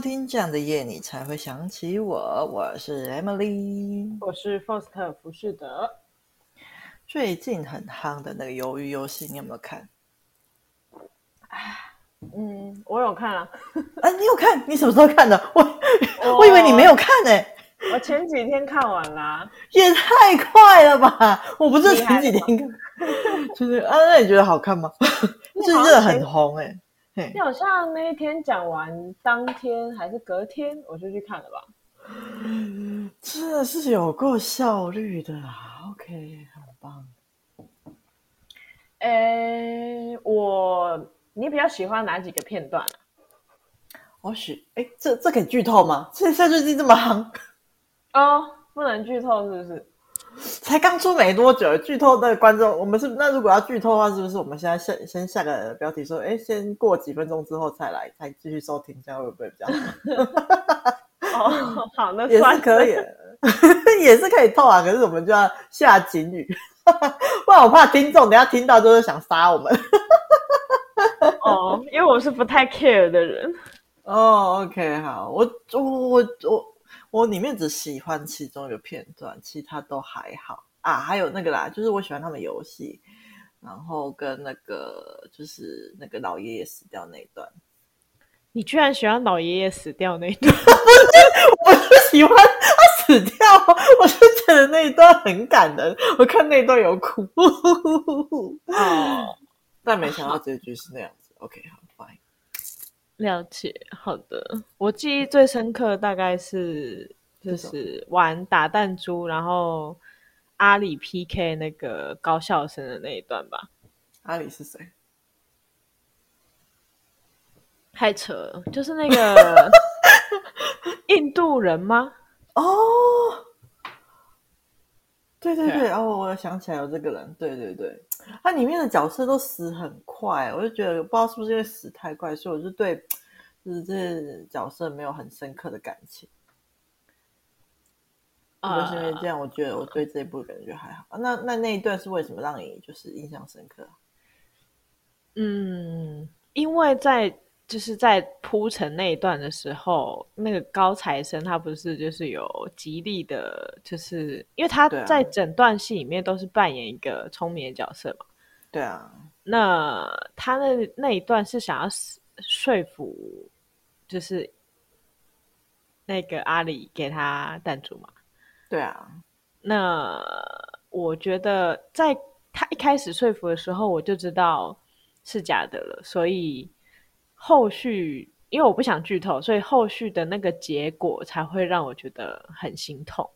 聽這樣的夜，你才會想起我。我是 AMERY，我是 FAUST 福士德。最近很夯的那個魷魚遊戲，你有沒有看？嗯，我有看啊。你有看？你什麼時候看的？我我，我以為你沒有看呢、欸。我前幾天看完了，也太快了吧！我不是前幾天看， 就是啊？那你覺得好看嗎？是真的很紅哎、嗯。欸你好像那一天講完，當天還是隔天，我就去看了吧。這是有夠效率的啦，OK，很棒。誒、欸，我你比較喜歡哪幾個片段啊？我喜，哎、欸，這這可以劇透嗎？現在最近這麼夯哦，oh, 不能劇透是不是？才剛出沒多久，劇透的觀眾，我們是那如果要劇透的話，是不是我們現在先先下個標題說，哎，先過幾分鐘之後再來再繼續收聽一下，這樣會不會比較好？哦，好，那算可以，也是可以透啊，可是我們就要下警語，不然我怕聽眾等一下聽到就是想殺我們。哦，因為我是不太 care 的人。哦，OK，好，我我我我。我我我裡面只喜歡其中一個片段，其他都還好啊。還有那個啦，就是我喜歡他們遊戲，然後跟那個就是那個老爺爺死掉那一段。你居然喜歡老爺爺死掉那一段？我 就我就喜歡他死掉，我就覺得那一段很感人。我看那一段有哭。 uh, 但沒想到結局是那樣子。 OK，好。了解，好的。我記憶最深刻大概是就是玩打彈珠，然後阿里 PK 那個高校生的那一段吧。阿里是誰？太扯了！就是那個 印度人嗎？哦、oh!。對對對，okay. 哦，我想起來有這個人，對對對，它裡面的角色都死很快，我就覺得不知道是不是因為死太快，所以我就對就是這角色沒有很深刻的感情。啊，就是因為這樣，我覺得我對這一部感覺還好。那那那一段是為什麼讓你就是印象深刻？嗯，因為在。就是在鋪陳那一段的時候，那個高材生，他不是就是有極力的，就是因為他在整段戲裡面都是扮演一個聰明的角色嘛。對啊，那他那那一段是想要說服，就是那個阿里給他彈珠嘛。對啊，那我覺得在他一開始說服的時候，我就知道是假的了，所以。後續，因為我不想劇透，所以後續的那個結果才會讓我覺得很心痛。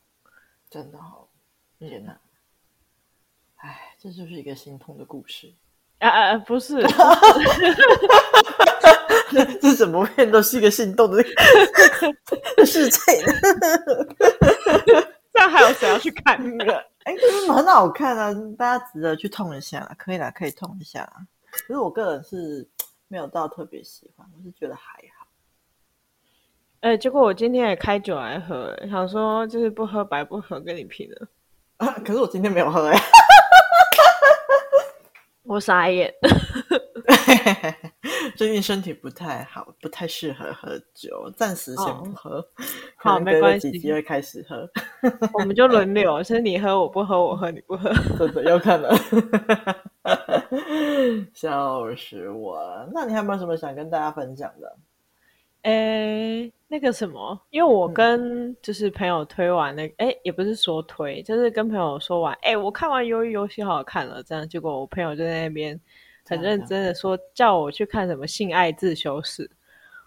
真的好，真的。哎，這就是，是一個心痛的故事啊，啊！不是， 這怎麼變都是一個心痛的事情，那個。 世界。 那 還有誰要去看個？哎、欸，是蠻好看的，啊，大家值得去痛一下，可以啦，可以痛一下啊！其實我個人是。沒有到特別喜歡，我是覺得還好。哎，欸，結果我今天也開酒來喝欸，想說就是不喝白不喝，跟你拼了。啊，可是我今天沒有喝欸， 我傻眼。 最近身體不太好，不太適合喝酒，暫時先不喝。哦、好，沒關係，姐會開始喝。我們就輪流， 是你喝我不喝，我喝你不喝，真的又看了，笑死我了！那你還有沒有什麼想跟大家分享的？哎、欸，那個什麼，因為我跟就是朋友推完那個，哎、嗯、欸，也不是說推，就是跟朋友說完，哎、欸，我看完魷魚遊戲好好看了，這樣，結果我朋友就在那邊。很認真的說，叫我去看什麼性愛自修室，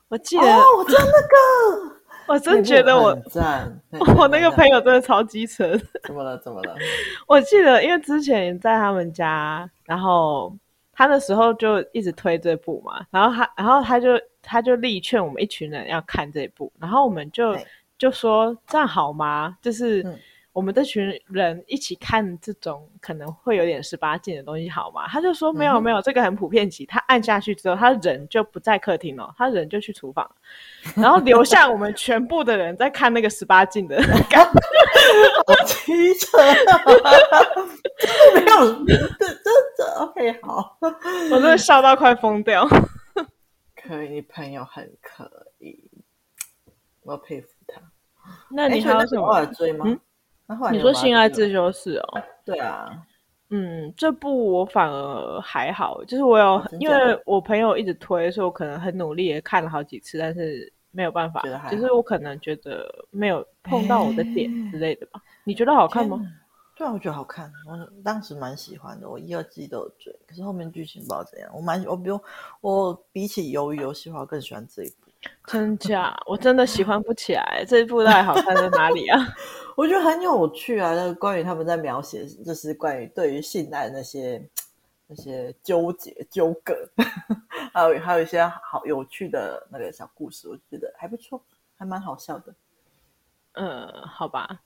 我記得，哦、我真的、那個， 我真覺得我，那那 我那個朋友真的超機車。怎麼了？怎麼了？ 我記得，因為之前在他們家，然後他那時候就一直推這部嘛，然後他，然後他就他就力勸我們一群人要看這部，然後我們就就說這樣好嗎？就是。嗯我們這群人一起看這種可能會有點十八禁的東西，好嗎？他就說沒有沒有，這個很普遍級。他按下去之後，他人就不在客廳了，他人就去廚房，然後留下我們全部的人在看那個十八禁的。 我騎車乘， 沒有，真的，OK，好， 我真的笑到快瘋掉。 可以，朋友很可以，我佩服他。那你還有什麼追嗎？嗯你，有沒有啊、你說性愛自修室哦、啊？對啊對，嗯，這部我反而還好，就是我有因為我朋友一直推，所以我可能很努力也看了好幾次，但是沒有辦法，就是我可能覺得沒有碰到我的點之類的吧？欸、你覺得好看嗎？對然、啊、我覺得好看，我當時蠻喜歡的。我一、二季都有追，可是後面劇情不知道怎樣。我蠻我比我，我比起《魷魚遊戲》的話，更喜歡這一部。真假？ 我真的喜歡不起來這一部，太好看在哪裡啊？ 我覺得很有趣啊！這個、關於他們在描寫，就是關於對於性愛那些那些糾結糾葛， 還有還有一些好有趣的那個小故事，我覺得還不錯，還蠻好笑的。嗯，好吧。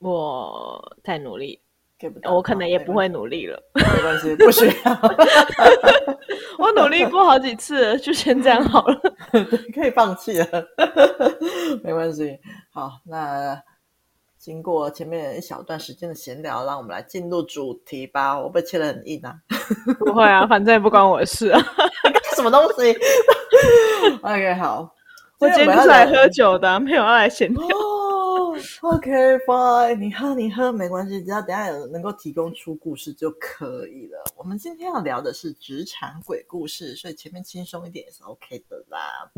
我太努力了不，我可能也不會努力了。沒關係，不需要。 我努力過好幾次，就先這樣好了， 可以放棄了。沒關係，好。那經過前面一小段時間的閒聊，讓我們來進入主題吧。我被切得很硬啊！不會啊，反正也不關我的事啊。你幹 什麼東西 ？OK，好我。我今天是來喝酒的，啊，沒有要來閒聊。哦 OK fine，你喝你喝沒關係，只要等下有能夠提供出故事就可以了。我們今天要聊的是職場鬼故事，所以前面輕鬆一點也是 OK 的啦。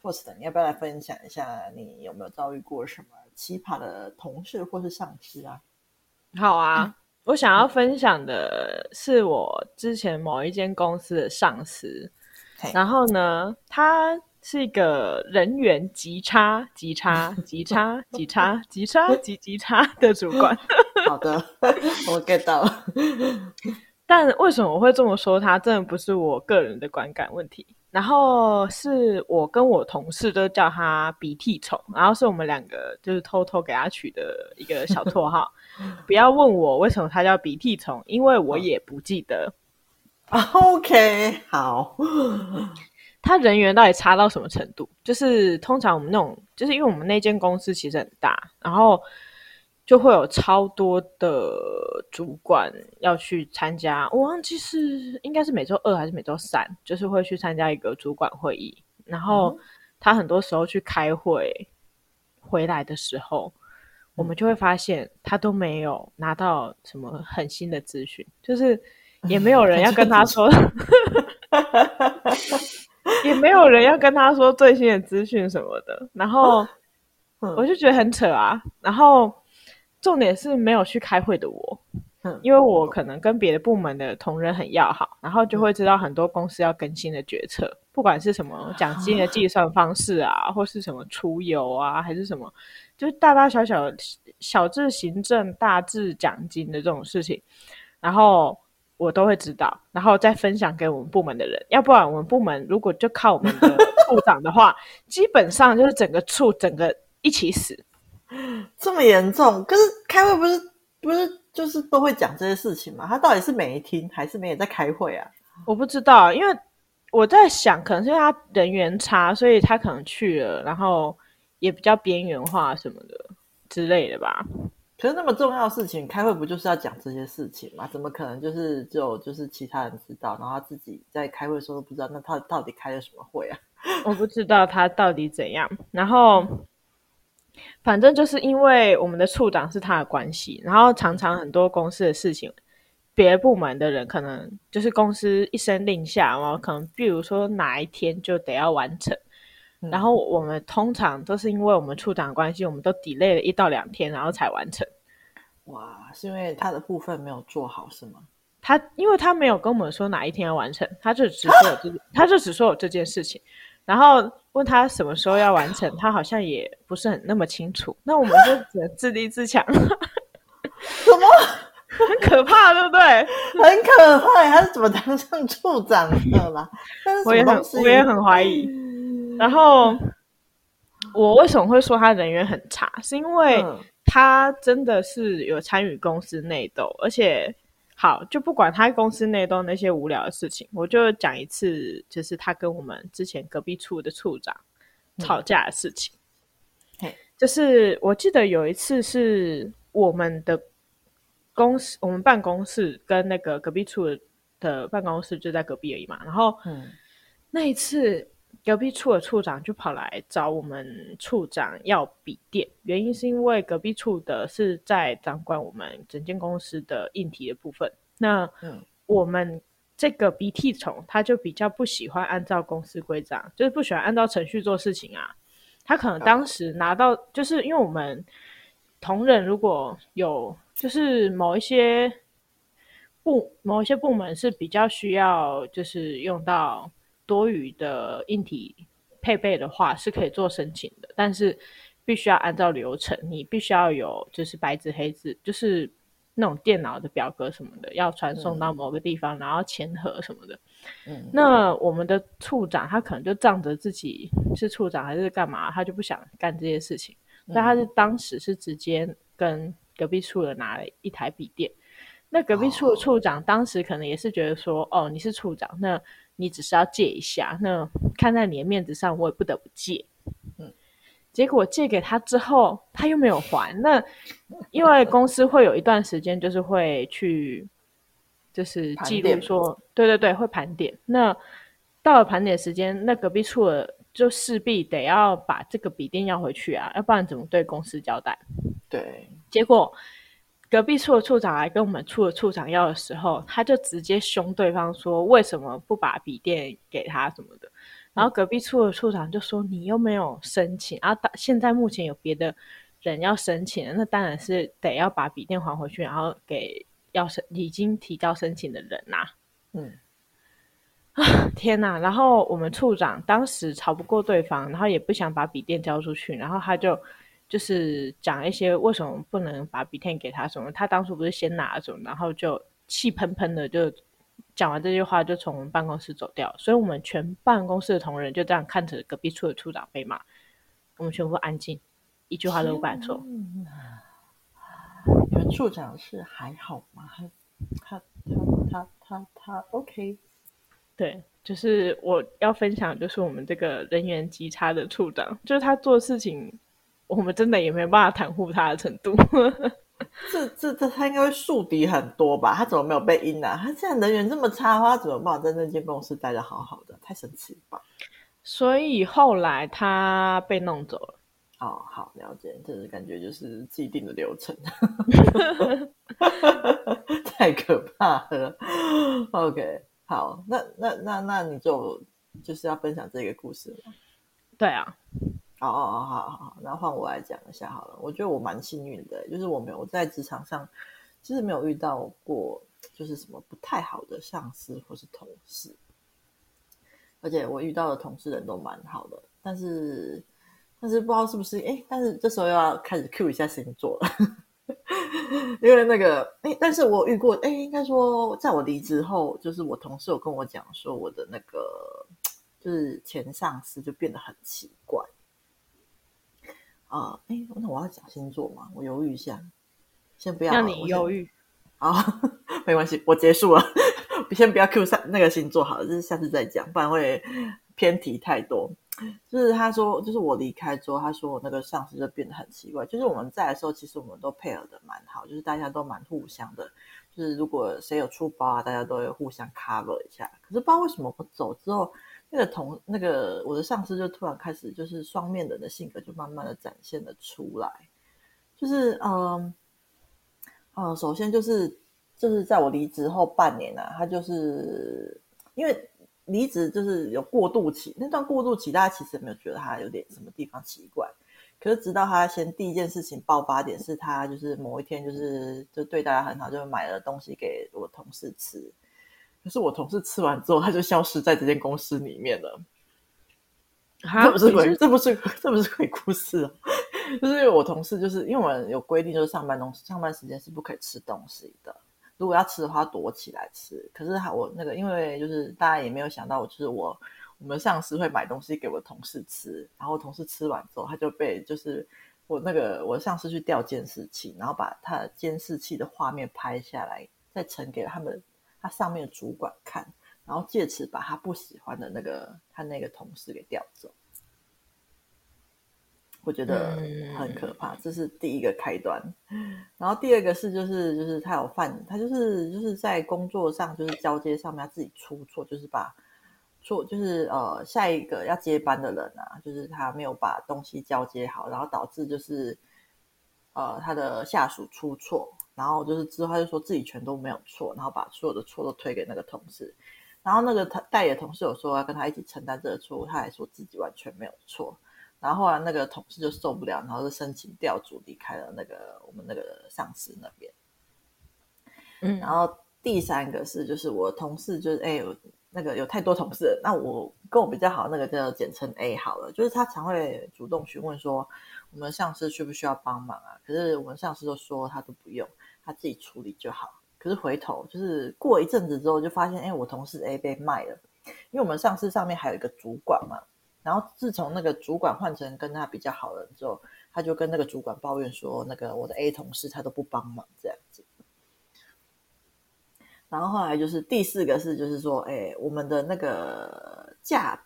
FAUST，你要不要來分享一下，你有沒有遭遇過什麼奇葩的同事或是上司啊？好啊，嗯、我想要分享的是我之前某一間公司的上司，okay. 然後呢，他。是一個人員極差、極差、極差、極差、極差、極極差的主管。 好的，我 get 到。但為什麼我會這麼說？他真的不是我個人的觀感問題。然後是我跟我同事都叫他鼻涕蟲，然後是我們兩個就是偷偷給他取的一個小綽號。不要問我為什麼他叫鼻涕蟲，因為我也不記得。Oh. OK，好。他人緣到底差到什麼程度？就是通常我們那種，就是因為我們那間公司其實很大，然後就會有超多的主管要去參加。我忘記是應該是每周二還是每周三，就是會去參加一個主管會議。然後他很多時候去開會回來的時候、嗯，我們就會發現他都沒有拿到什麼很新的資訊，就是也沒有人要跟他說、嗯。他 也沒有人要跟他說最新的資訊什麼的，然後我就覺得很扯啊。然後重點是沒有去開會的我，嗯，因為我可能跟別的部門的同仁很要好，然後就會知道很多公司要更新的決策，嗯，不管是什麼獎金的計算方式啊， 或是什麼出遊啊，還是什麼，就是大大小小小至行政，大至獎金的這種事情，然後。我都會知道，然後再分享給我們部門的人。要不然我們部門如果就靠我們的處長的話， 基本上就是整個處整個一起死，這麼嚴重。可是開會不是不是就是都會講這些事情嗎？他到底是沒聽還是沒有在開會啊？我不知道，因為我在想，可能是因為他人緣差，所以他可能去了，然後也比較邊緣化什麼的之類的吧。可是那麼重要的事情，開會不就是要講這些事情嗎？怎麼可能就是就就是其他人知道，然後他自己在開會的時候都不知道？那他到底開了什麼會啊？我不知道他到底怎樣。然後反正就是因為我們的處長是他的關係，然後常常很多公司的事情，別部門的人可能就是公司一聲令下，然後可能比如說哪一天就得要完成。然後我們通常都是因為我們處長關係，我們都 delay 了一到兩天，然後才完成。哇，是因為他的部分沒有做好是嗎？他因為他沒有跟我們說哪一天要完成，他就只說有這，件、啊，他就只說有這件事情，然後問他什麼時候要完成，他好像也不是很那麼清楚。啊、那我們就只能自立自強。 什麼？很可怕，對不對？很可怕，他是怎麼當上處長的啦？但是我也很，我也很懷疑。 然後，我為什麼會說他人緣很差？是因為他真的是有參與公司內鬥、嗯，而且好就不管他公司內鬥那些無聊的事情，我就講一次，就是他跟我們之前隔壁處的處長吵架的事情。嗯、就是我記得有一次是我們的公司，我們辦公室跟那個隔壁處的辦公室就在隔壁而已嘛。然後，嗯、那一次。隔壁處的處長就跑來找我們處長要筆電，原因是因為隔壁處的是在掌管我們整間公司的硬體的部分。那我們這個鼻涕蟲他就比較不喜歡按照公司規章，就是不喜歡按照程序做事情啊。他可能當時拿到，就是因為我們同仁如果有就是某一些部某一些部門是比較需要，就是用到。多餘的硬體配備的話是可以做申請的，但是必須要按照流程，你必須要有就是白紙黑字，就是那種電腦的表格什麼的，要傳送到某個地方，嗯、然後簽核什麼的。嗯，那我們的處長他可能就仗着自己是處長還是幹嘛，他就不想幹這些事情。那、嗯、他是當時是直接跟隔壁處的拿了一台筆電，那隔壁處、哦、處長當時可能也是覺得說，哦，你是處長，那。你只是要借一下，那看在你的面子上，我也不得不借。嗯，結果借給他之後，他又沒有還。那因為公司會有一段時間，就是會去，就是記錄說，對對對，會盤點。那到了盤點時間，那隔壁處就勢必得要把這個筆電要回去啊，要不然怎麼對公司交代？對，結果。隔壁處的處長來跟我們處的處長要的時候，他就直接凶對方說：“為什麼不把筆電給他什麼的？”然後隔壁處的處長就說：“你又沒有申請啊，現在目前有別的人要申請，那當然是得要把筆電還回去，然後給要申已經提交申請的人吶啊。”嗯，啊 天哪！然後我們處長當時吵不過對方，然後也不想把筆電交出去，然後他就。就是講一些為什麼不能把筆電給他什麼，他當初不是先拿走，然後就氣噴噴的，就講完這句話就從我們辦公室走掉。所以我們全辦公室的同仁就這樣看着隔壁處的處長被罵，我們全部安靜，一句話都不敢說，啊。原處長是還好嗎？他他他他他，他 OK？對，就是我要分享，就是我們這個人緣極差的處長，就是他做事情。我們真的也沒辦法袒護他的程度， 這這這他應該會樹敵很多吧？他怎麼沒有被陰啊？他現在人緣這麼差的話，他怎麼能在那間公司待得好好的？太神奇了吧！所以後來他被弄走了。哦，好，了解，就是感覺就是既定的流程， 太可怕了。OK，好，那那那那你就就是要分享這個故事嗎？對啊。哦哦哦，好好好，那換我來講一下好了。我覺得我蠻幸運的，就是我沒有我在職場上，其實沒有遇到過就是什麼不太好的上司或是同事，而且我遇到的同事人都蠻好的。但是，但是不知道是不是哎，但是這時候又要開始 cue 一下星座了， 因為那個哎，但是我遇過哎，應該說，在我離職後，就是我同事有跟我講說，我的那個就是前上司就變得很奇怪。啊、嗯，哎、欸，那我要講星座嗎？我猶豫一下，先不要讓你猶豫。好，呵呵沒關係，我結束了，先不要 Q 上那個星座好了，就是下次再講，不然會偏題太多。就是他說，就是我離開之後，他說我那個上司就變得很奇怪。就是我們在的時候，其實我們都配合的蠻好，就是大家都蠻互相的，就是如果誰有出包啊，大家都會互相 cover 一下。可是不知道為什麼不走之後。那個同，那個我的上司就突然開始就是雙面人的性格就慢慢的展現了出來，就是嗯，嗯，首先就是就是在我離職後半年啊，他就是因為離職就是有過渡期，那段過渡期大家其實沒有覺得他有點什麼地方奇怪，可是直到他先第一件事情爆發點是他就是某一天就是就對大家很好，就買了東西給我同事吃。可是我同事吃完之後，他就消失在這間公司裡面了。這不是鬼，這不是，這不是鬼故事啊， 就是因為我同事，就是因為我們有規定，就是上班東西，上班時間是不可以吃東西的。如果要吃的話，躲起來吃。可是我那個，因為就是大家也沒有想到我，我就是我，我們上司會買東西給我同事吃，然後同事吃完之後，他就被就是我那個我上司去調監視器，然後把他監視器的畫面拍下來，再呈給他們。上面主管看，然後借此把他不喜歡的那個他那個同事給調走，我覺得很可怕。這是第一個開端。然後第二個是，就是就是他有犯，他就是就是在工作上就是交接上面他自己出錯，就是把錯就是呃下一個要接班的人啊，就是他沒有把東西交接好，然後導致就是。呃，他的下屬出錯，然後就是之後他就說自己全都沒有錯，然後把所有的錯都推給那個同事，然後那個他代理的同事有說要跟他一起承擔這個錯誤，他還說自己完全沒有錯，然後後來那個同事就受不了，然後就申請調組離開了那個我們那個上司那邊。嗯，然後第三個是就是我同事就是哎有那個有太多同事了，那我跟我比較好那個叫簡稱 A 好了，就是他常會主動詢問說。我們上司需不需要幫忙啊？可是我們上司都說他都不用，他自己處理就好。可是回頭就是過一陣子之後，就發現，哎，我同事 A 被賣了。因為我們上司上面還有一個主管嘛，然後自從那個主管換成跟他比較好的之後，他就跟那個主管抱怨說，那個我的 A 同事他都不幫忙這樣子。然後後來就是第四個是，就是說，哎，我們的那個價。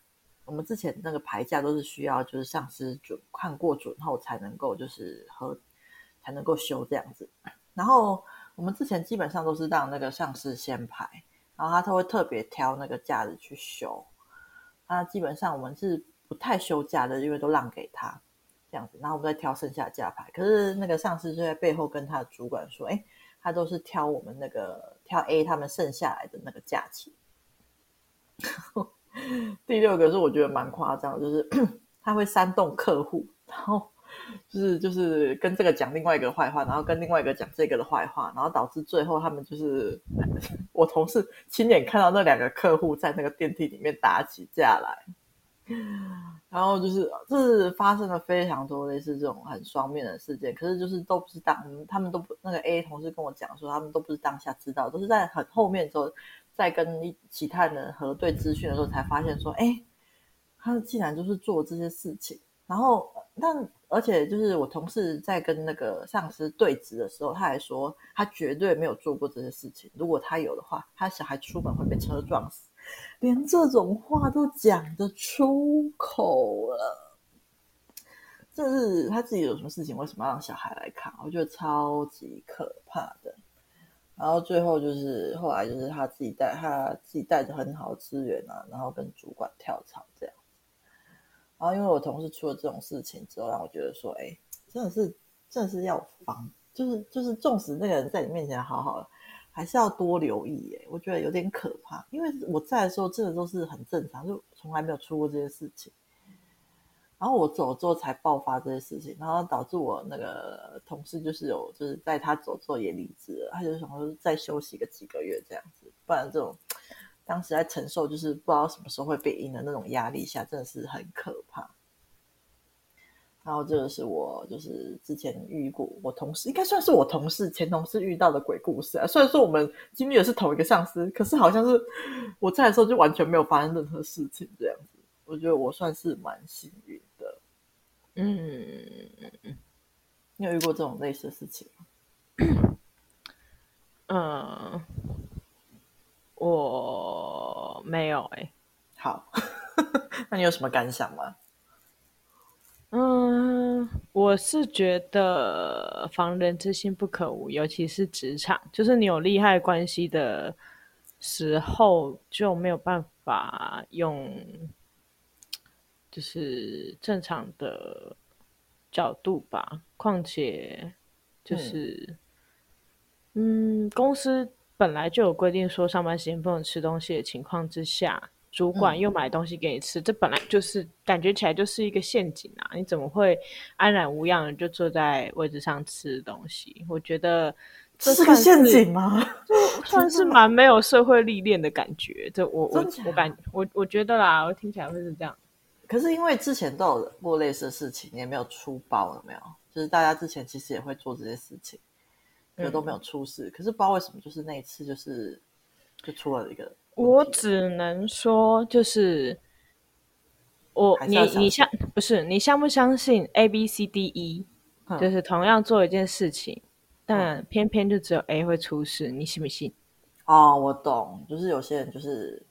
我們之前那個排假，都是需要，就是上司准看過准後才能夠就是和，才能夠休這樣子。然後我們之前基本上都是讓那個上司先排，然後他他會特別挑那個架子去休。他基本上我們是不太休假的，因為都讓給他這樣子，然後我們再挑剩下假排。可是那個上司就在背後跟他的主管說：“哎，他都是挑我們那個挑 A 他們剩下來的那個假期。 ”第六個是我覺得蠻誇張的，就是他會煽動客戶，然後就是就是跟這個講另外一個壞話，然後跟另外一個講這個的壞話，然後導致最後他們就是我同事親眼看到那兩個客戶在那個電梯裡面打起架來，然後就是這是發生了非常多類似這種很雙面的事件，可是就是都不是當、嗯、他們都不那個 A 同事跟我講說他們都不是當下知道，都、就是在很後面之後。在跟其他人核對資訊的時候，才發現說，哎，他竟然就是做這些事情。然後，但而且就是我同事在跟那個上司對峙的時候，他還說他絕對沒有做過這些事情。如果他有的話，他小孩出門會被車撞死，連這種話都講得出口了，這是他自己有什麼事情，為什麼要讓小孩來看？我覺得超級可怕的。然後最後就是後來就是他自己帶他自己帶着很好的資源啊，然後跟主管跳槽這樣。然後因為我同事出了這種事情之後，讓我覺得說，哎、欸，真的是真的是要防，就是就是縱使那個人在你面前好好的，還是要多留意、欸。哎，我覺得有點可怕，因為我在的時候真的都是很正常，就從來沒有出過這些事情。然後我走之後才爆發這些事情，然後導致我那個同事就是有，就是在他走之後也離職了。他就想說再休息個幾個月這樣子，不然這種當時在承受就是不知道什麼時候會被陰的那種壓力下，真的是很可怕。然後這個是我就是之前遇過我同事，應該算是我同事前同事遇到的鬼故事。啊，雖然說我們經歷的是同一個上司，可是好像是我在的時候就完全沒有發生任何事情這樣子，我覺得我算是蠻幸運。嗯，你有遇過這種類似的事情嗎？嗯，我沒有哎、欸。好， 那你有什麼感想嗎？嗯，我是覺得防人之心不可無，尤其是職場，就是你有利害關係的時候，就沒有辦法用，就是正常的角度吧，況且就是嗯，嗯，公司本來就有規定說上班時間不能吃東西的情況之下，主管又買東西給你吃，嗯、這本來就是感覺起來就是一個陷阱啊！你怎麼會安然無恙的就坐在位置上吃東西？我覺得這是個陷阱嗎？就算是蠻沒有社會歷練的感覺， 這我我我感我我覺得啦，我聽起來會是這樣。可是因為之前都有過類似的事情，也沒有出包，有沒有？就是大家之前其實也會做這些事情，嗯，都沒有出事。可是不知道為什麼，就是那一次，就是就出了一個。我只能說，就是我你你相不是你相不相信 A B C D E，嗯，就是同樣做一件事情，嗯，但偏偏就只有 A 會出事，你信不信？哦，我懂，就是有些人就是。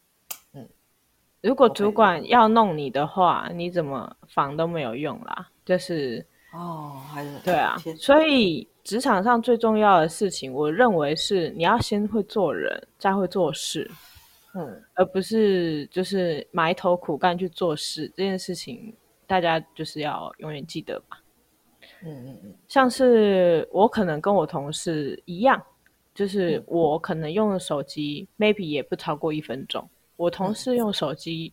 如果主管要弄你的話，okay, okay。你怎麼防都沒有用啦。就是哦，oh，還是對啊。所以職場上最重要的事情，我認為是你要先會做人，再會做事。嗯，而不是就是埋頭苦幹去做事這件事情，大家就是要永遠記得吧。嗯嗯嗯。像是我可能跟我同事一樣，就是我可能用的手機、嗯、，maybe 也不超過一分鐘。我同事用手機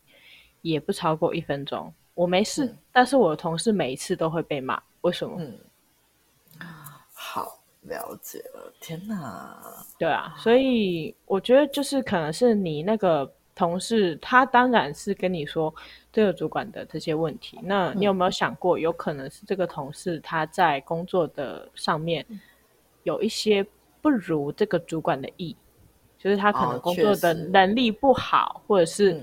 也不超過一分鐘，嗯、我沒事，嗯、但是我同事每一次都會被罵，為什麼？嗯、好，了解了，天哪！對啊，啊，所以我覺得就是可能是你那個同事，他當然是跟你說這個主管的這些問題，那你有沒有想過，有可能是這個同事他在工作的上面有一些不如這個主管的意？就是他可能工作的能力不好，哦，或者是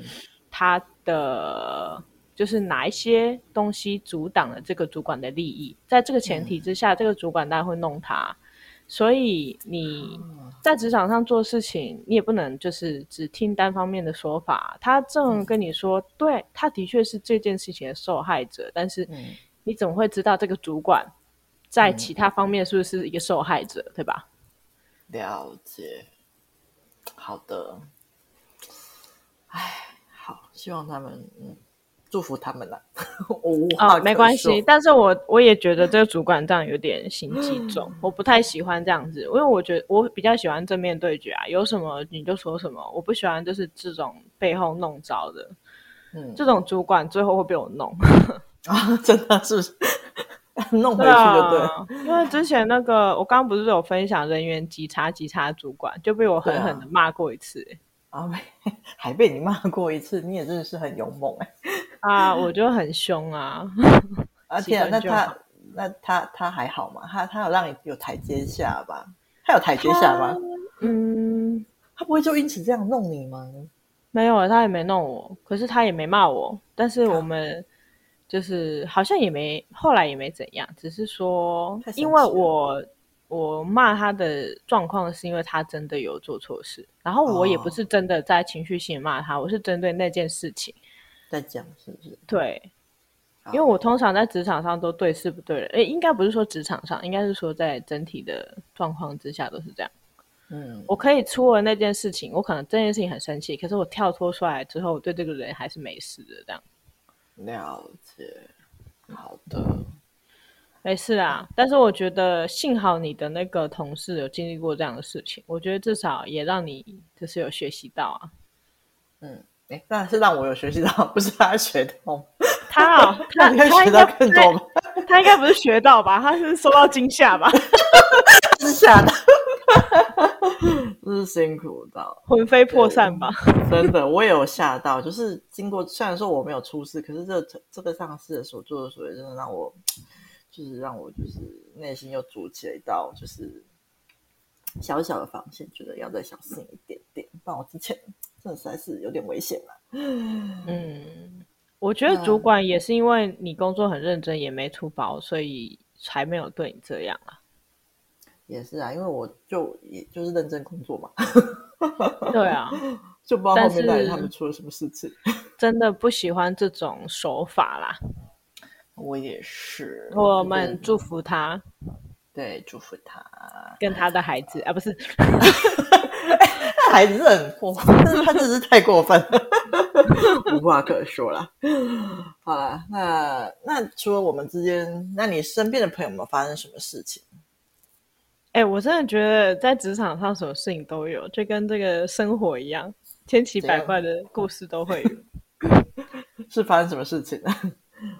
他的就是哪一些東西阻擋了這個主管的利益。在這個前提之下，嗯、這個主管當然會弄他。所以你在職場上做事情，嗯，你也不能就是只聽單方面的說法。他正跟你說，嗯，對，他的確是這件事情的受害者，但是你怎麼會知道這個主管在其他方面是不是一個受害者？嗯、對吧？了解。好的，哎，好，希望他們，嗯，祝福他們了。 哦，沒關係，但是我我也覺得這個主管這樣有點心機重，嗯，我不太喜歡這樣子，因為我覺得我比較喜歡正面對決啊，有什麼你就說什麼，我不喜歡就是這種背後弄着的，嗯，這種主管最後會被我弄 啊，真的是不是？弄回去就對，對、啊， 因為之前那個我剛剛不是有分享人員稽查、稽查，主管就被我狠狠的罵過一次、欸啊啊，還被你罵過一次，你也真的是很勇猛哎！ 啊，我就很兇啊！而 且、啊啊、那他， 他那他他，他還好嘛？他他有讓你有台階下吧？他有台階下嗎？嗯，他不會就因此這樣弄你嗎？沒有，他也沒弄我，可是他也沒罵我，但是我們。啊就是好像也沒後來也沒怎樣，只是說因為我我罵他的狀況是因為他真的有做錯事，然後我也不是真的在情緒性罵他，哦、我是針對那件事情在講，是不是？對，因為我通常在職場上都對事不對人，誒，應該不是說職場上，應該是說在整體的狀況之下都是這樣。嗯，我可以除了那件事情，我可能這件事情很生氣，可是我跳脫出來之後，我對這個人還是沒事的這樣。了解，好的，沒、欸、事啊。但是我覺得幸好你的那個同事有經歷過這樣的事情，我覺得至少也讓你就是有學習到啊。嗯，誒、欸，那是讓我有學習到，不是他學到，他、哦、他他，他，應是他應是學到更多吧？他應該不是學到吧？他是受到驚嚇吧？ 是嚇的。就是辛苦的到，魂飛魄散吧？真的，我也有嚇到。就是經過， 雖然說我沒有出事，可是這這個上司所作所為，真的讓我，就是讓我，就是內心又築起了一道，就是小小的防線，覺得要再小心一點點。但我之前這實在是有點危險了。 嗯，我覺得主管也是因為你工作很認真，也沒出包，所以才沒有對你這樣啊。也是啊，因為我就也就是認真工作嘛。 對啊，就不知道後面到底他們出了什麼事情。 真的不喜歡這種手法啦。我也是。我們祝福他。對，祝福他。跟他的孩子 啊，不是。那 孩子是很過分，他真是太過分了。 無話可說啦。好啦，那那除了我們之間，那你身邊的朋友們發生什麼事情？哎、欸，我真的覺得在職場上什麼事情都有，就跟這個生活一樣，千奇百怪的故事都會有， 是發生什麼事情呢、啊？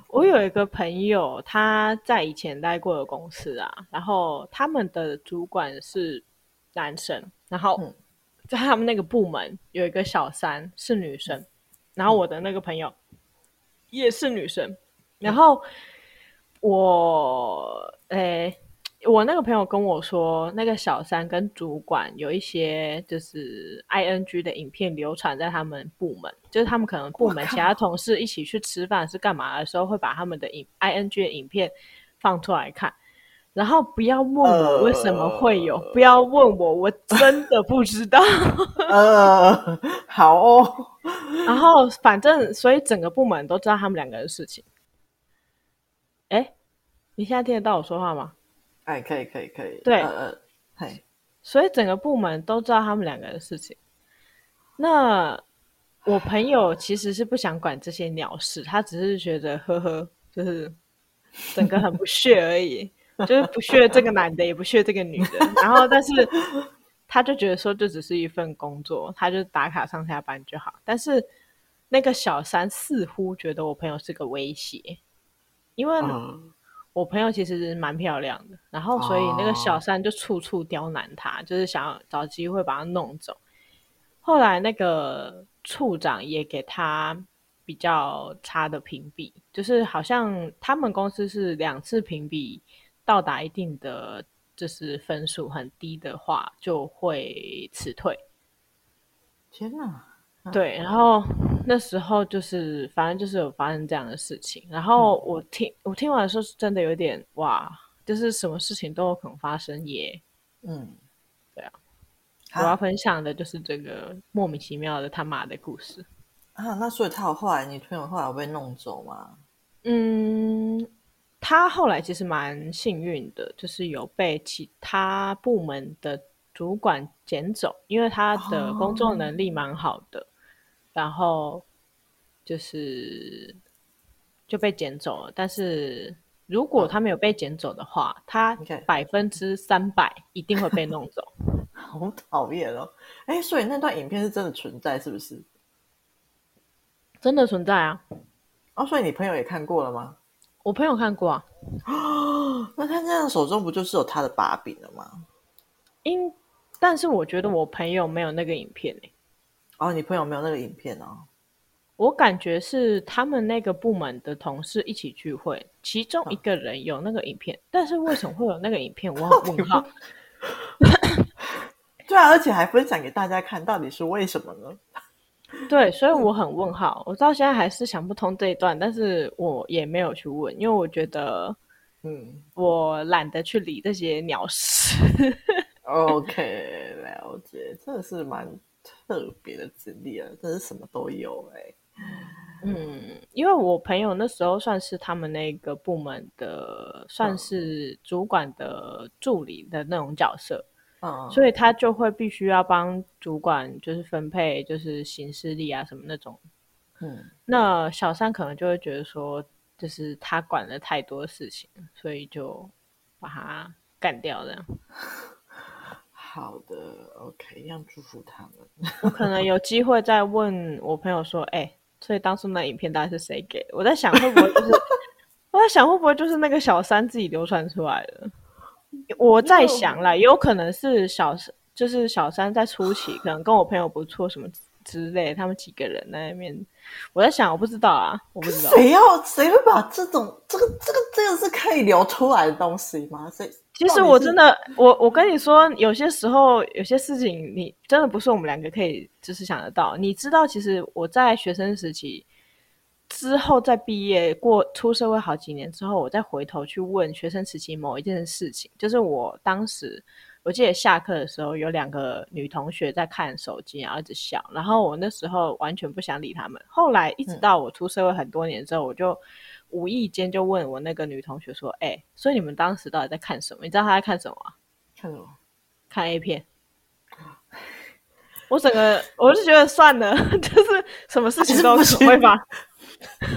我有一個朋友，他在以前待過的公司啊，然後他們的主管是男生，然後在他們那個部門有一個小三是女生，然後我的那個朋友也是女生，然後我哎。欸我那個朋友跟我說，那個小三跟主管有一些就是 ING 的影片流傳在他們部門，就是他們可能部門其他同事一起去吃飯是幹嘛的時候，會把他們的影 ING 的影片放出來看，然後不要問我為什麼會有，呃、不要問我，我真的不知道。 呃，好哦。然後反正所以整個部門都知道他們兩個的事情。哎，你現在聽得到我說話嗎？哎，可以，可以，可以。對，嗯、呃哎，所以整個部門都知道他們兩個的事情。那我朋友其實是不想管這些鳥事，他只是覺得，呵呵，就是整個很不屑而已， 就是不屑這個男的，也不屑這個女的。 然後，但是他就覺得說，這只是一份工作，他就打卡上下班就好。但是那個小三似乎覺得我朋友是個威脅，因為，嗯我朋友其實蠻漂亮的，然後所以那個小三就處處刁難他，oh. 就是想要找機會把他弄走。後來那個處長也給他比較差的評比，就是好像他們公司是兩次評比到達一定的就是分數很低的話就會辭退。天哪！對，然後那時候就是，反正就是有發生這樣的事情。然後我聽我聽完的時候，是真的有點哇，就是什麼事情都有可能發生耶。嗯，對啊，我要分享的就是這個莫名其妙的他媽的故事。啊，那所以他有後來，你朋友後來有被弄走嗎？嗯，他後來其實蠻幸運的，就是有被其他部門的主管撿走，因為他的工作能力蠻好的。哦，然後就是就被撿走了。但是如果他沒有被撿走的話，Okay. 他百分之三百一定會被弄走。 好討厭哦！哎，所以那段影片是真的存在，是不是？真的存在啊！哦，所以你朋友也看過了嗎？我朋友看過啊。啊， 那他那樣手中不就是有他的把柄了嗎？因，但是我覺得我朋友沒有那個影片欸。哦，你朋友沒有那個影片啊、哦？我感覺是他們那個部門的同事一起聚會，其中一個人有那個影片，啊、但是為什麼會有那個影片， 我很問號。對啊，而且還分享給大家看，到底是為什麼呢？對，所以我很問號，我到現在還是想不通這一段，但是我也沒有去問，因為我覺得，嗯，我懶得去理這些鳥事。 OK，了解，真的是蠻。特別的資歷啊，真是什麼都有哎、欸。嗯，因為我朋友那時候算是他們那個部門的、嗯，算是主管的助理的那種角色，嗯，所以他就會必須要幫主管，就是分配，就是行事曆啊什麼那種。嗯，那小三可能就會覺得說，就是他管了太多事情，所以就把他幹掉了。嗯好的，OK，一樣祝福他們。 我可能有機會再問我朋友說，哎、欸，所以當初那影片到底是誰給？我在想，會不會就是 我在想，會不會就是那個小三自己流傳出來的？我在想啦，也有可能是小三，就是小三在初期可能跟我朋友不錯什麼之類， 他們幾個人那一面，我在想，我不知道啊，我不知道，誰要誰會把這種這個這個、這個、這個是可以流出來的東西嗎？所以。其實我真的，我我跟你說，有些時候有些事情你，你真的不是我們兩個可以就是想得到，你知道，其實我在學生時期之後，在畢業過出社會好幾年之後，我再回頭去問學生時期某一件事情，就是我當時我記得下課的時候，有兩個女同學在看手機，然後一直笑，然後我那時候完全不想理他們。後來一直到我出社會很多年之後，嗯、我就。無意間就問我那個女同學說：“哎、欸，所以你們當時到底在看什麼？你知道她在看什麼？看什麼？看 A 片。 ”“我整個，我就覺得算了， 就是什麼事情都會發。”“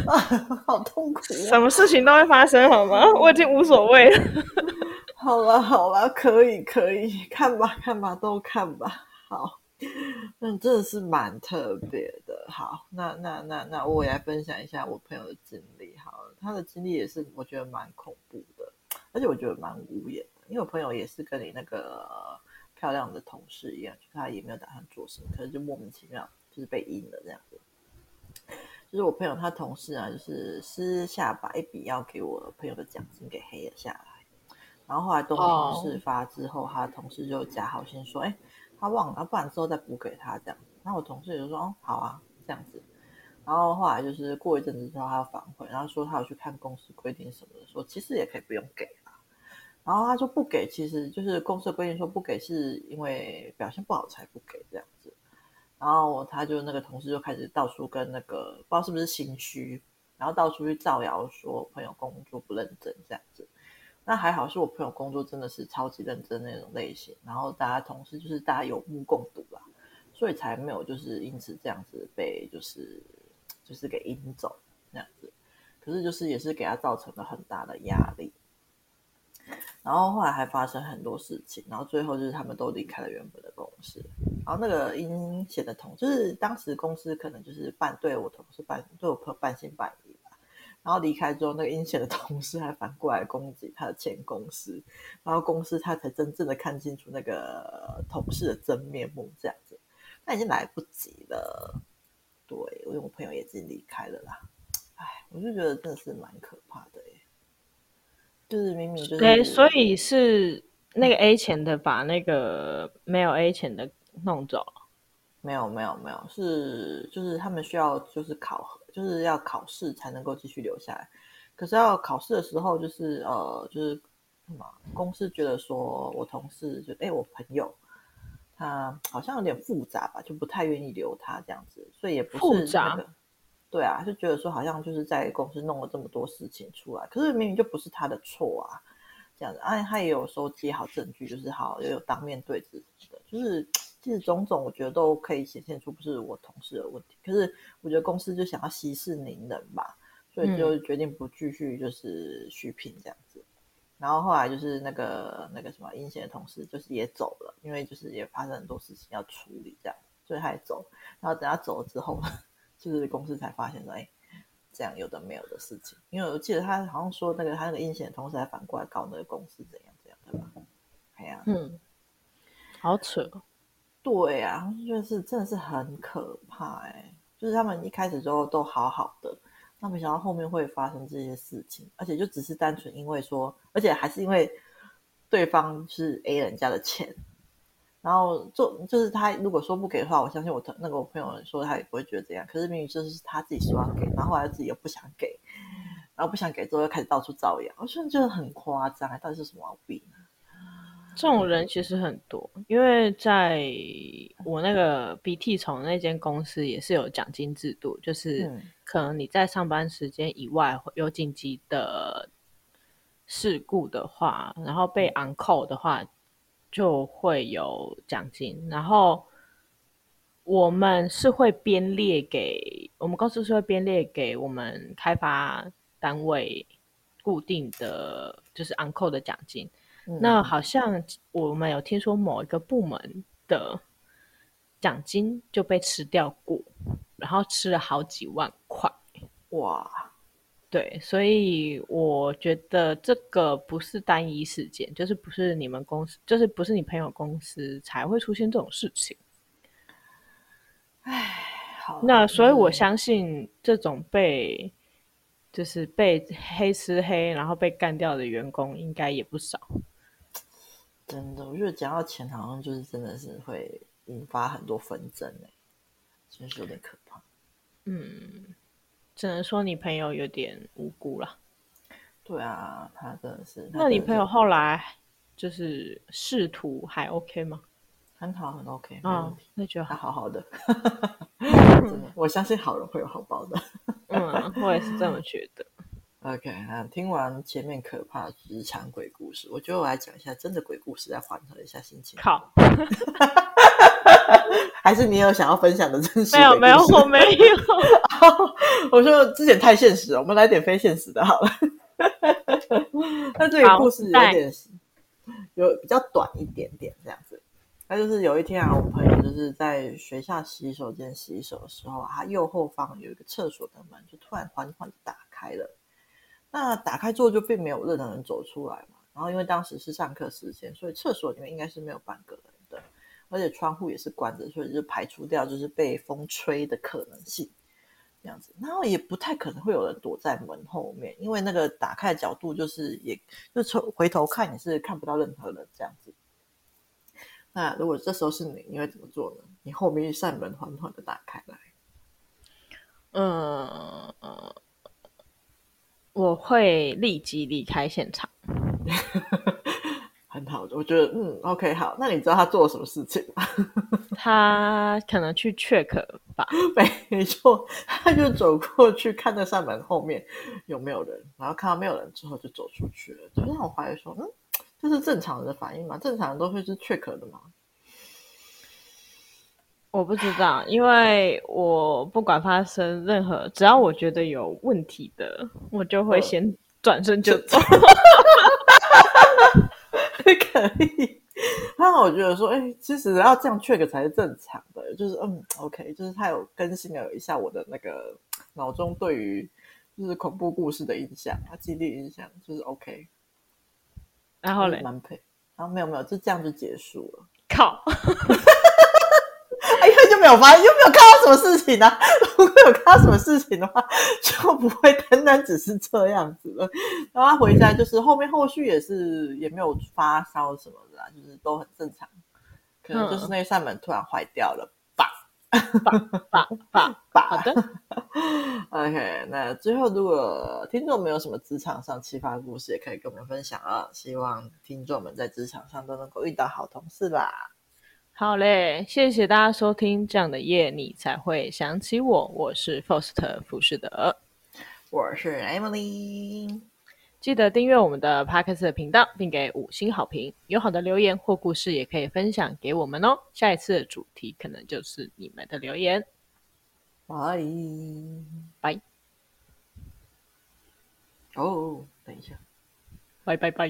啊，好痛苦、啊。”“什麼事情都會發生，好嗎？我已經無所謂了。 ”“好了，好了，可以，可以看吧，看吧，都看吧。好嗯”“好，那你真的是蠻特別的。”“好，那那那那我也來分享一下我朋友的經歷。”“好。”他的經歷也是，我覺得蠻恐怖的，而且我覺得蠻無言的。因為我朋友也是跟你那個漂亮的同事一樣，就是、他也沒有打算做什麼，可是就莫名其妙就是被陰了這樣子。就是我朋友他同事啊，就是私下把一筆要給我朋友的獎金給黑了下來，然後後來東窗事發之後，Oh. 他同事就假好心說：“哎、欸，他忘了，不然之後再補給他這樣子。”那我同事就說：“哦，好啊，這樣子。”然後後來就是過一陣子之後，他要返回，然後說他有去看公司規定什麼的，說其實也可以不用給啦、啊。然後他說不給，其實就是公司的規定說不給，是因為表現不好才不給這樣子。然後他就那個同事就開始到處跟那個不知道是不是心虛，然後到處去造謠說我朋友工作不認真這樣子。那還好是我朋友工作真的是超級認真那種類型，然後大家同事就是大家有目共睹啦、啊，所以才沒有就是因此這樣子被就是。就是給陰走這樣子，可是就是也是給他造成了很大的壓力。然後後來還發生很多事情，然後最後就是他們都離開了原本的公司。然後那個陰險的同，就是當時公司可能就是半對我同事半對我朋友半信半疑吧。然後離開之後，那個陰險的同事還反過來攻擊他的前公司，然後公司他才真正的看清楚那個同事的真面目這樣子，那已經來不及了。對，我因為我朋友也已經離開了啦，哎，我就覺得真的是蠻可怕的耶，就是明明就是對，所以是那個 A 錢的把那個沒有 A 錢的弄走了？沒有沒有沒有，是就是他們需要就是考核，就是要考試才能夠繼續留下來，可是要考試的時候就是呃就是公司覺得說我同事就哎我朋友。他、嗯、好像有點複雜吧，就不太願意留他這樣子，所以也不是、那個、複雜。對啊，就覺得說好像就是在公司弄了這麼多事情出來，可是明明就不是他的錯啊，這樣子。哎、啊，他也有收集好證據，就是好，也有當面對質，就是其實種種，我覺得都可以顯現出不是我同事的問題。可是我覺得公司就想要息事寧人吧，所以就決定不繼續就是續聘這樣子。嗯。然後後來就是那個那個什麼陰險的同事，就是也走了，因為就是也發生很多事情要處理這樣，所以他也走。然後等他走了之後，就是公司才發現說，哎、欸，這樣有的沒有的事情。因為我記得他好像說，那個他那個陰險的同事還反過來告那個公司怎樣怎樣的吧。哎、嗯、呀，嗯、啊，好扯，對啊，就是真的是很可怕哎、欸，就是他們一開始之後都好好的。那沒想到後面會發生這些事情，而且就只是單純因為說，而且還是因為對方是 A 人家的錢，然後做就，就是他如果說不給的話，我相信我朋那個我朋友說他也不會覺得這樣。可是明明就是他自己希望給，然後後來自己又不想給，然後不想給之後又開始到處造謠，我覺得很誇張、欸，到底是什麼毛病？這種人其實很多，因為在我那個鼻涕蟲那間公司也是有獎金制度，就是、嗯。可能你在上班時間以外有緊急的事故的話，然後被昂扣的話，就會有獎金。然後我們是會編列給我們公司，是會編列給我們開發單位固定的，就是昂扣的獎金。嗯。那好像我們有聽說某一個部門的獎金就被吃掉過。然後吃了好幾萬塊，哇！對，所以我覺得這個不是單一事件，就是不是你們公司，就是不是你朋友公司才會出現這種事情。哎，好。那所以我相信這種被、嗯，就是被黑吃黑，然後被幹掉的員工應該也不少。真的，我覺得講到錢，好像就是真的是會引發很多紛爭，欸。真是有點可怕。嗯，只能說你朋友有點無辜了。對啊，他真的是。那你朋友後來就是仕途還 OK 嗎？很好，很 OK。Okay, 嗯，那就還好好的。好 真的、嗯，我相信好人會有好報的。 嗯，我也是這麼覺得。OK，好、啊，聽完前面可怕職場鬼故事，我覺得我來講一下真的鬼故事來緩和一下心情。靠！ 還是你有想要分享的真實？沒有沒有，我沒有。 我說之前太現實了，我們來點非現實的好了。 那這個故事有點，有比較短一點點這樣子。那就是有一天啊，我朋友就是在學校洗手間洗手的時候啊，他右後方有一個廁所的門就突然緩緩打開了。那打開之後就並沒有任何人走出來嘛。然後因為當時是上課時間，所以廁所裡面應該是沒有半個人。而且窗戶也是關着，所以就排除掉就是被風吹的可能性，這樣子。然後也不太可能會有人躲在門後面，因為那個打開的角度就是也，也就回頭看你是看不到任何人這樣子。那如果這時候是你，你會怎麼做呢？你後面一扇門緩緩的打開來。嗯，我會立即離開現場。 我覺得嗯，OK，好。那你知道他做了什麼事情嗎？ 他可能去 check 吧，沒錯，他就走過去看那扇門後面有沒有人，然後看到沒有人之後就走出去了。就讓我懷疑說，嗯，這是正常人的反應嗎？正常人都會是 check 的嗎？我不知道，因為我不管發生任何，只要我覺得有問題的，我就會先轉身就走。 可以，然後我覺得說，哎、欸，其實要這樣 check 才是正常的，就是嗯，OK，就是他有更新了一下我的那個腦中對於就是恐怖故事的印象啊，激勵印象就是 OK，然後呢，蠻配，然後沒有沒有，就這樣就結束了，靠。 就沒有發生，又沒有看到什麼事情呢、啊？如果沒有看到什麼事情的話，就不會單單只是這樣子了。然後他回家，就是後面後續也是也沒有發燒什麼的、啊，就是都很正常。可能就是那扇門突然壞掉了，棒棒棒棒棒。 o、okay, k 那最後，如果聽眾沒有什麼職場上奇葩的故事，也可以跟我們分享啊。希望聽眾們在職場上都能夠遇到好同事吧。好嘞，謝謝大家收聽。這樣的夜，你才會想起我。我是 FAUST 福士德，我是 AMERY。記得訂閱我們的 Podcast 的頻道，並給五星好評。有好的留言或故事，也可以分享給我們哦。下一次的主題可能就是你們的留言。拜拜。哦，oh, 等一下。拜拜拜。